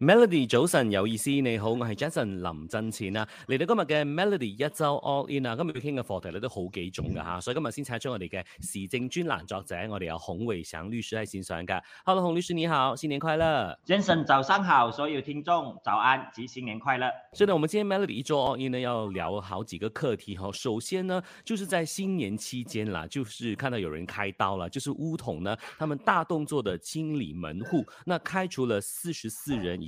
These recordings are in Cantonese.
Melody 早晨有意思，你好，我係 Jason 林振錢啊。嚟到今日嘅 Melody 一周 All In 啊，今日要傾嘅課題咧都好幾種噶吓，所以今日先請出我哋嘅時政專欄作者，我哋有洪維祥律師喺線上噶。Hello，洪律師你好，新年快樂！Jason 早上好，所有聽眾早安，及新年快樂。所以咧，我們今天 Melody 一周 All In 呢，要聊好幾個課題嗬。首先呢，就是在新年期間啦，就是看到有人開刀啦，就是巫統呢，他們大動作的清理門戶，那開除了四十四人。嗯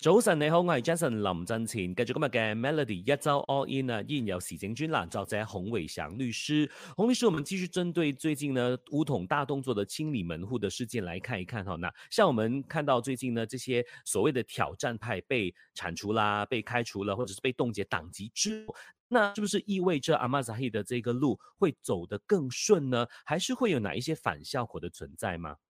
周三你好，我係 Jason。林振晴，繼續今日嘅 Melody 一周 All In 啊，依然有時政專欄作者洪偉祥律師。洪律師，我們繼續針對最近呢巫統大動作的清理門戶的事件來看一看。哈，那像我們看到最近呢，這些所謂的挑戰派被鏟除啦，被開除了，或者是被凍結黨籍之後，那是不是意味着阿馬扎希的這個路會走得更順呢？還是會有哪一些反效果的存在嗎？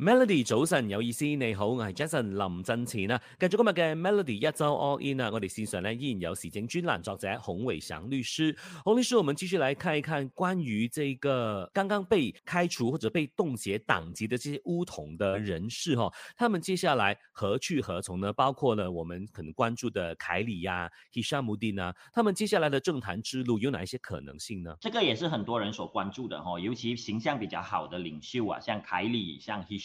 Melody 早晨有意思，你好，我係 Jason 林振奇啊，繼續今日嘅 Melody 一周 all in 啊，我哋先上呢，依然有時政專欄作者洪偉祥律師，洪律師，我們繼續來看一看關於這個剛剛被開除或者被凍結黨籍的這些巫統的人士嗬，他們接下來何去何從呢？包括呢，我們可能關注的凱里呀、啊、希山慕丁呢，他們接下來的政壇之路有哪一些可能性呢？這個也是很多人所關注的嗬，尤其形象比較好的領袖啊，像凱里、像希。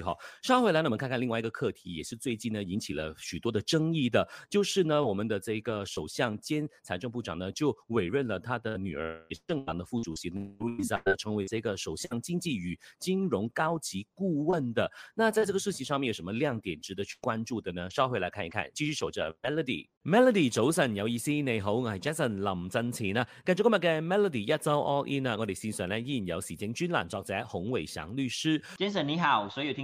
好， 稍回來呢，我們看看另外一個課題，也是最近呢引起了許多的爭議的，就是呢我們的這個首相兼財政部長呢就委任了他的女兒，政黨的副主席 Luiza 成為這個首相經濟與金融高級顧問的。那在這個事情上面有什麼亮點值得去關注的呢？稍回來看一看，繼續守着 Melody。Melody 早晨，有意思，你好，我係 Jason 林振前啊，繼續今日嘅 Melody 一周 all in 啊，我哋線上咧依然有時政專欄作者洪偉翔律師。Jason 你好，所以有聽。